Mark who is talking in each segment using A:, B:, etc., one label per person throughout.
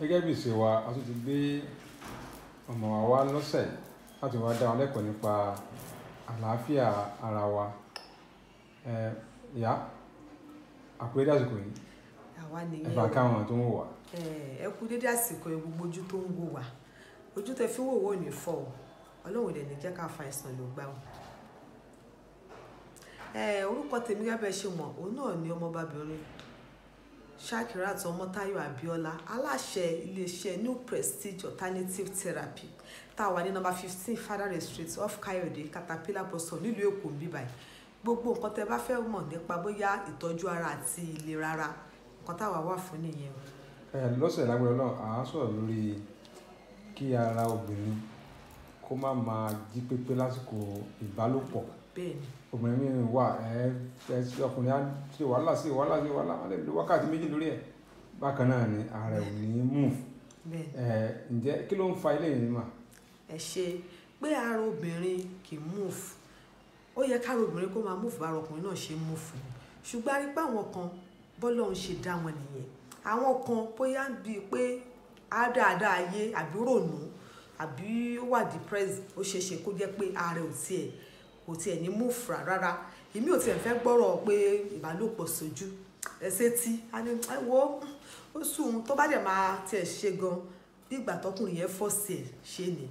A: gẹ́gẹ́ bí ìṣe wa a tún ti gbé ọmọ wa wá lọ́sẹ̀ láti wá dá wọn lẹ́kọ̀ọ́ nípa àlàáfíà ara wa ìyá àpérè dásìkò yìí ẹ bá káwọn tó ń wò wá. ẹ
B: kú dédé àsìkò yìí gbogbo ojú tó ń wò wá ojú tẹ fi ń ní fọ o ọlọ́run dẹ̀ ní jẹ́ ká fa àìsàn ló gbà o. orúkọ tèmi gẹ́gẹ́ ṣe mọ̀ òun náà ni ọmọ bàbá obìnrin shakirat ọmọtáyọ abiola aláṣẹ iléeṣẹ́ new prestige alternative therapy tá a wà ní nọ́mbà fifteen fadaray street off kayode caterpillar bus stop nílùú èkó bíbáyì gbogbo nǹkan tẹ bá fẹ́ mọ̀ nípa bóyá ìtọ́jú ara àti ìlera ara nǹkan táwa wà fún nìyẹn.
A: lọ́sẹ̀ lágbára náà àá sọ̀rọ̀ lórí kí ara obìnrin kó má ma jí pépé lásìkò ìbálòpọ̀ obìnrin mìíràn wà ẹ ọkùnrin á ṣe wàhálà ṣe wàhálà ṣe wàhálà wọn lè lo wákàtí méjì lórí ẹ bákan náà ni ààrẹ ò ní move ẹ ǹjẹ́ kí ló ń fa ilé yìí mà. ẹ ṣe
B: pé ara obìnrin kì í move ó yẹ kára obìnrin kó máa move bára ọkùnrin náà ṣe move ṣùgbọ́n a rí pé àwọn kan bọ́lọ́run ṣe dá wọn nìyẹn àwọn kan bóyá bíi pé á yé àbí rònú àbí ó wà depressed ó ṣeé ṣe kó jẹ́ pé ààrẹ ò tiẹ̀ kò tiẹ̀ ní move rárá èmi ò tiẹ̀ fẹ́ gbọ́rọ̀ pé ìbálòpọ̀ sójú ẹsẹ̀ tí a ní wo ó sùn tó bá dẹ̀ máa tiẹ̀ ṣe gan bí ìgbà tọkùnrin yẹn fọ́ sí ẹ̀ ṣe ni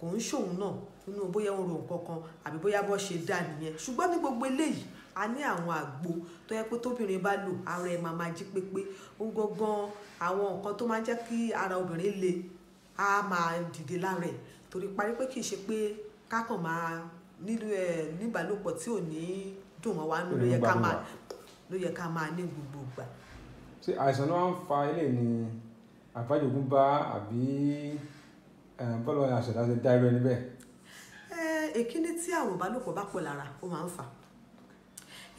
B: kò ń ṣòun náà nínú bóyá ń ro nǹkan kan àbí bóyá bọ́ ṣe dá nìyẹn ṣùgbọ́n ní gbogbo eléyìí a ní àwọn àgbo tó yẹ pé tóbìnrin bá lò ara ẹ̀ máa máa jí pépé ó gangan àwọn nǹkan tó máa ń jẹ́ kí ara obìnrin le á máa dìde lára ẹ̀ torí parí pé kì í ṣe pé kákan máa níbàlòpọ̀ tí ò ní dùn mọ́ wa nù ló yẹ ká máa ló yẹ ká máa ní gbogbo ìgbà.
A: ṣé àìsàn náà ń fa ilé ní àbájogúnbá àbí bọ́lá àṣẹ̀dá ṣe dá irú ẹni bẹ́ẹ̀.
B: èkíní tí àrùn ìbálòpọ̀ bá pọ̀ lára ó máa ń fà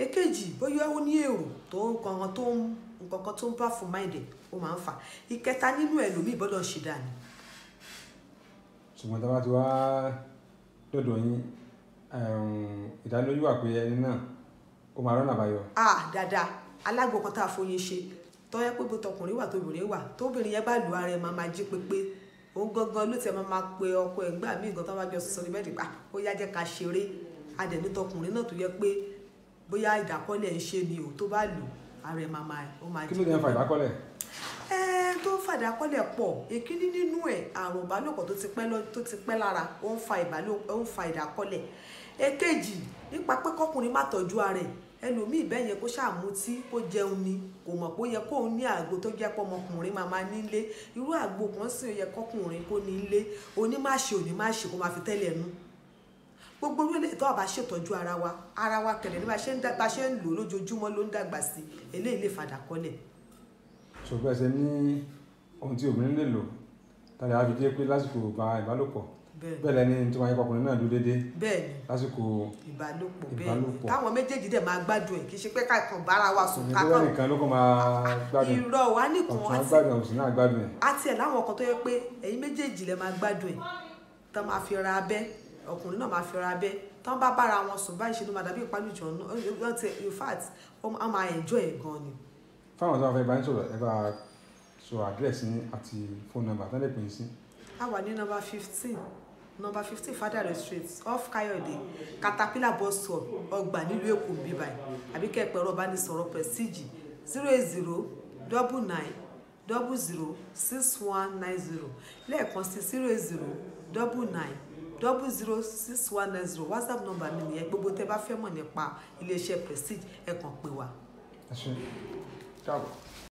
B: èkejì bóyá ó ní èrò tó nǹkan tó ń nǹkan tó ń bá fún máìndì ó máa ń fà ìkẹta nínú ẹlòmíì bọ́lá ṣì dá ni
A: ṣùgbọ́n tá a bá ti wá dọ̀dọ̀ yín ìdánilójú wà pé ẹni náà ó máa rọ́nà àbáyọ.
B: a dáadáa alágbo kan tá a foyín ṣe tọ́yẹ́ pé tọkùnrin wà tóbìnrin wà tóbìnrin yẹn bá lu ara ẹ̀ máa máa jí pépé òun gangan ló tiẹ̀ máa máa pe ọkọ ẹ̀ gbà mí nǹkan tó bá jọ sọ ní bẹ́ẹ̀ nípa ó yá jẹ́ ká ṣeré adẹ̀ni tọkùnrin náà tó yẹ pé bóyá ìdákọ́lẹ̀ ń ṣe ni ò tó bá lù ara ẹ̀ máa máa ó máa jí pépé. kí ló dé tó ń fàdá kọ́lẹ̀ pọ̀ èkíní nínú ẹ̀ àrùn ìbálòpọ̀ tó ti pẹ́ tó ti pẹ́ lára ó ń fa ìbálòpọ̀ ó ń fa ìdákọ́lẹ̀ èkejì nípa pé kọkùnrin má tọ́jú ara ẹ̀ ẹlòmíì bẹ́ẹ̀ yẹn kó ṣàmútí kó jẹun ni kò mọ̀ pé ó yẹ kóun ní àgbo tó jẹ́ pọ́ ọmọkùnrin máa máa nílé irú àgbo kan sì yẹ kọkùnrin kó nílé onímáṣe onímáṣe kó máa fi tẹ́lẹ̀ nu gbogbo orí ilẹ̀ tó àbá ṣètọ́jú ara wa ara wa kẹ̀lẹ́ ní bá ṣe ń lò lójoojúmọ́ ló ń dàgbà sí eléyìí lè fàdà kọ́lẹ̀
A: ṣùgbọ́n ẹsẹ̀ ní ohun tí obìnrin lè lò tàbí àwọn fìdí pé lásìkò ìbálòpọ̀ bẹ́ẹ̀ lẹ́ni tó máa yẹ ọkùnrin náà dúró déédéé lásìkò ìbálòpọ̀ bẹ́ẹ̀ táwọn
B: méjèèjì dẹ̀ máa gbádùn ẹ̀ kì í ṣe pé káàkan bára wa sùn káàkan ìrọ̀
A: nìkan ló kàn máa gbádùn ìrọ̀ wa nìkan ọ̀sìn náà gbádùn ẹ̀
B: àti ẹ̀ láwọn ọkàn tó yẹ pé ẹ̀yin méjèèjì lẹ máa gbádùn ẹ̀ tán máa fi ra abẹ́ ọkùnrin náà máa fi ra abẹ́ tán bá bára wọn sùn báyìí ṣe ló máa dàbí ìpánìjọ náà in fact wọ́n máa enjoy ẹ̀ gan ni
A: fáwọn tó wá fẹ́ bá ń sọ̀rọ̀ ẹ bá sọ àdírẹ́sì ní àti fóònù nọ́mbà tán lè pè é sí. a wà
B: ní nọ́mbà fifteen nọ́mbà fifteen Fadaare street off Kayode Caterpillar bus stop ọgbà nílùú Èkó bíbáyìí àbíkẹ́ pẹ̀lú ọbánisọ̀rọ̀ Prestige zero eight zero double nine double zero six one nine zero lẹ́ẹ̀kan sí zero eight zero double nine double zero six one nine zero whatsapp number mi nìyẹn gbogbo tẹ́ bá fẹ́ mọ̀ nípa iléeṣẹ́ prestige ẹ kàn pè wá.
A: 这样吧